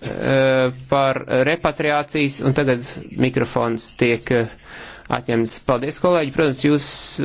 Eh, par repatriācijas, un tagad mikrofons tiek eh, atņemts. Paldies, kolēģi! Protams, jūs